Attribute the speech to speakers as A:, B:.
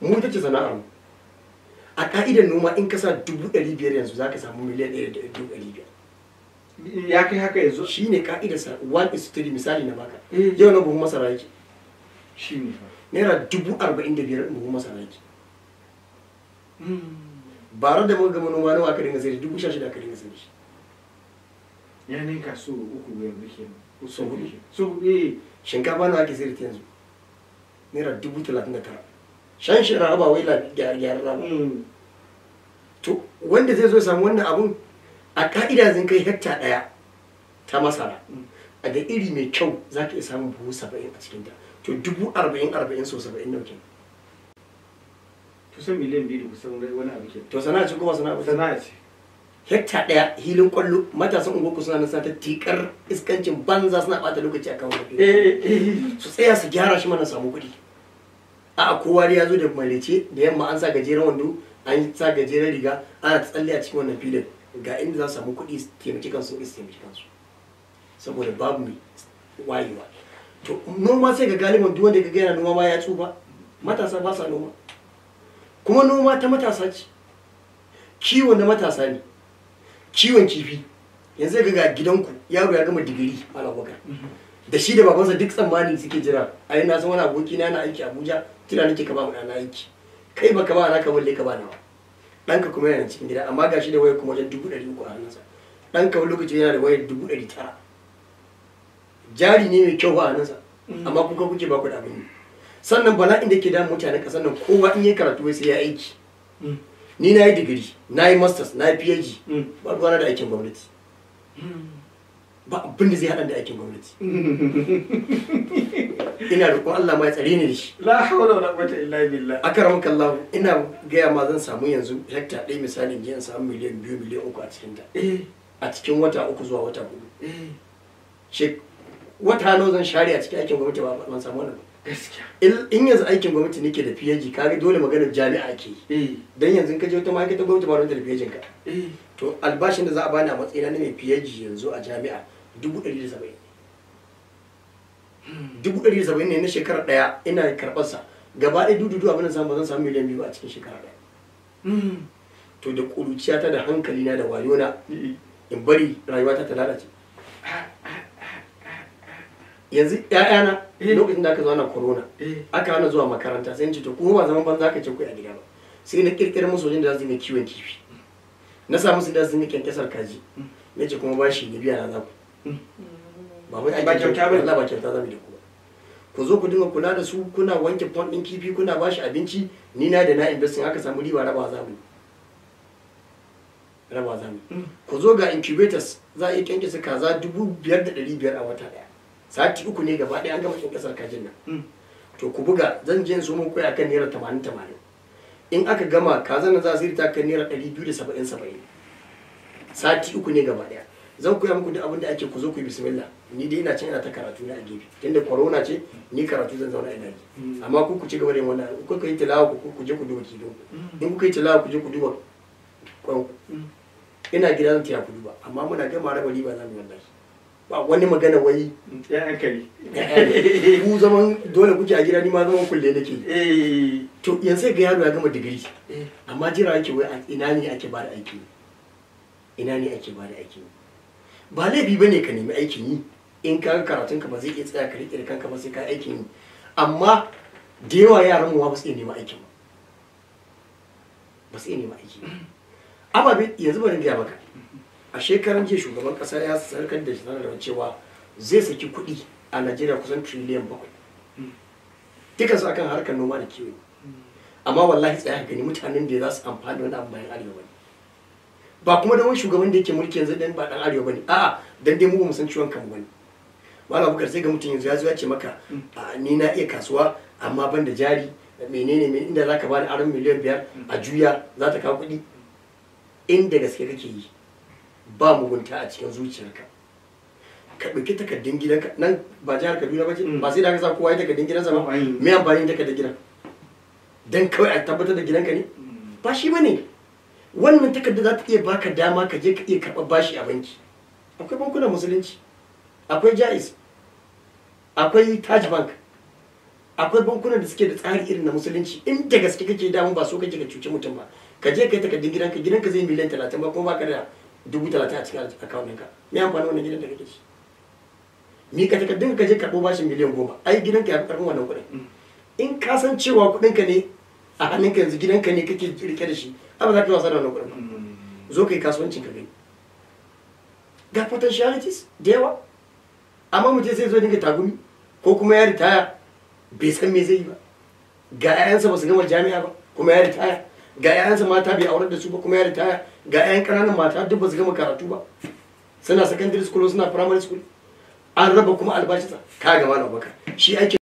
A: mu ita ce sana'ar mu a ka'idar noma in ka sa dubu ɗari biyar yanzu za ka samu miliyan ɗaya da dubu ɗari biyar ya kai haka yanzu shi ne ka'idar sa one is three misali na baka eh. yau na buhu masara yake shi ne naira dubu arba'in da biyar buhu masara yake hmm. bara da mun gama noma nawa aka dinga sai dubu sha shida aka dinga sai shi ya ka so uku yanzu kenan so hudu so eh shinkafa nawa ake sai yanzu naira dubu talatin da tara shan shi rana ba wai gyararra ba hmm. to wanda zai zo samu wannan abun a ka'ida zin kai hekta ɗaya ta masara hmm. a da iri mai kyau za ka iya samun buhu saba'in a cikinta to dubu arba'in arba'in so saba'in nau kenan kusan miliyan biyu da kusan wani abu ke to sana'a ce kuma sana'a sana'a ce hekta ɗaya hilin kwallo matasan unguwarku suna nasa ta tikar iskancin banza suna bata lokaci a kan wani eh, eh, eh. su tsaya su gyara shi mana samu kuɗi a kowa ya zo da malice da yamma an sa gajeren wando an sa gajeren riga ana tsalle a cikin wannan filin ga inda za su samu kuɗi su taimaki kansu su taimaki kansu saboda babu mai wayewa to noma sai ga galiban duk wanda kaga yana noma ma ya tsufa matasa ba sa noma kuma noma ta matasa ce kiwon na matasa ne kiwon kifi yanzu ga gidanku yaro ya gama digiri ala mm-hmm. da shi da babansa duk tsammani suke jira ai na san wani aboki na aiki Abuja tuna nake ka ba mun yanki kai baka ba na ka balle ka ba nawa ɗanka kuma yana cikin gida amma gashi da wayar kuma wajen dubu ɗari uku a hannunsa ɗanka wani lokaci yana da wayar dubu ɗari tara jari ne mai kyau a hannunsa mm. amma kuka kuke ba ku da abin sannan bala'in da ke da mutane ƙasar nan kowa in ya karatu sai ya aiki mm. ni na yi digiri na yi masters na yi phd mm. ba ruwana da aikin gwamnati ba abin da zai haɗa da aikin gwamnati ina roƙon Allah ma ya tsare ni da shi la hawla wala quwwata illa billah akaramka Allah ina gaya ma zan samu yanzu hekta ɗaya misalin jiyan samu miliyan biyu miliyan uku a cikin ta eh. a cikin wata uku zuwa wata hudu eh. shi wata nawa zan share a cikin aikin gwamnati ba ban samu wannan gaskiya in yanzu aikin gwamnati nake da fiyaji kaga dole maganar jami'a ke eh. dan yanzu ka je wata ta gwamnati ba da PG ka to albashin da za a bani a matsayina na mai PG yanzu a jami'a dubu ɗari da saba'in dubu ɗari saba'in ne na shekara ɗaya ina karɓar sa gaba ɗaya dududu abin da samu ba zan samu miliyan biyu a cikin shekara ɗaya to da ƙuruciya ta da hankali na da wayo na in bari rayuwata ta lalace yanzu ƴaƴana eh. lokacin da aka zo ana corona eh. aka hana zuwa makaranta sai ce to ko ba zaman banza aka ce ku a gida ba sai na kirkira musu wajen da za su yi kiwon kifi na sa musu da su yi kyankyasar kaji hmm. na ce kuma ba shi biya na zaku hmm. ba wai kyauta Allah ba kyauta zamu da ku ku zo ku dinga kula da su kuna wanke pond din kifi kuna bashi abinci ni na da na investing aka samu riba raba zamu raba zamu mm. ku zo ga incubators za a yi su kaza dubu biyar da ɗari biyar a wata ɗaya sati uku ne gaba ɗaya an gama kyankyasar kajin nan mm. to ku buga zan je in so koya akan naira tamanin tamanin in aka gama kazan nan za su yi ta kan naira ɗari biyu da saba'in saba'in sati uku ne gaba ɗaya zan koya muku duk abin da ake ku zo ku yi bismillah ni dai ina can ina ta karatu na a gefe tunda corona ce ni karatu zan zauna ina ji amma ku ku ci gaba da yin wannan ku kai tilawa ku ku je ku duba kido in ku kai tilawa ku je ku duba kwan ina gida zan tiya ku duba amma muna gama raba riba za mu wallahi ba wani magana wai ya hankali ku zaman dole kuke a gida ni ma zaman kulle nake eh. to yanzu ga yaro ya gama digiri eh. amma jira yake wai ina ne ake ba da aiki ina ne ake ba da aiki ba laifi bane ka nemi aikin yi in ka karatun ka ba zai iya tsaya ka rike da kanka ba sai ka aikin yi amma da yawa yaran mu ba su iya nemi aikin ba ba su iya nema aiki ababe yanzu da gaya maka a shekaran jiya shugaban kasa ya sarkar da da cewa zai saki kuɗi a Najeriya kusan triliyan bakwai dukkan su akan harkar noma da kiwo amma wallahi tsaya gani mutanen da za su amfani da wani abu bayan arewa ne ba kuma dan wani shugaban da yake mulki yanzu dan ba dan arewa bane a'a dan dai mu ba mu san ciwon kanmu bane wala bukar sai ga mutum yanzu ya zo ya ce maka mm. ni na iya kasuwa amma ban da jari menene me inda zaka bani aron miliyan biyar mm. a juya za ta kawo kuɗi inda gaske kake yi ba mugunta a cikin zuciyarka ka ɗauki takardun gidanka nan ba jihar kaduna ba ce mm. ba sai da aka sa kowa ya takardun gidansa ba me amfani da takardun gidan dan kawai a tabbatar da gidanka ne ba shi ba ne wannan takarda za ta iya baka dama ka je ka iya karɓa bashi a banki akwai bankunan musulunci akwai jais akwai taj bank akwai bankunan da suke da tsari irin na musulunci in da gaske kake damu ba so kake ka cuci mutum ba ka je kai takardun gidanka gidanka zai miliyan talatin ba kuma baka da dubu talatin a cikin akawun ɗinka me amfani wannan gidan da kake shi mi ka takardun ka je karɓo bashin miliyan goma ai gidanka ya fi karɓin wannan kuɗin mm. in ka san cewa kuɗinka ne a hannunka yanzu gidanka ne kake rike da shi ba za ka wasa da wannan kuɗin ba mm. zo ka yi kasuwanci ka gani ga potentialities da yawa amma mutum sai zo dinga tagumi ko kuma ya ritaya bai san me zai yi ba ga 'ya'yansa ba su gama jami'a ba kuma ya ritaya ga mata bai aurar da su ba kuma ya ritaya ga 'ya'yan mata duk ba su gama karatu ba suna secondary school suna primary school an raba kuma albashinsa ka gama na baka shi ake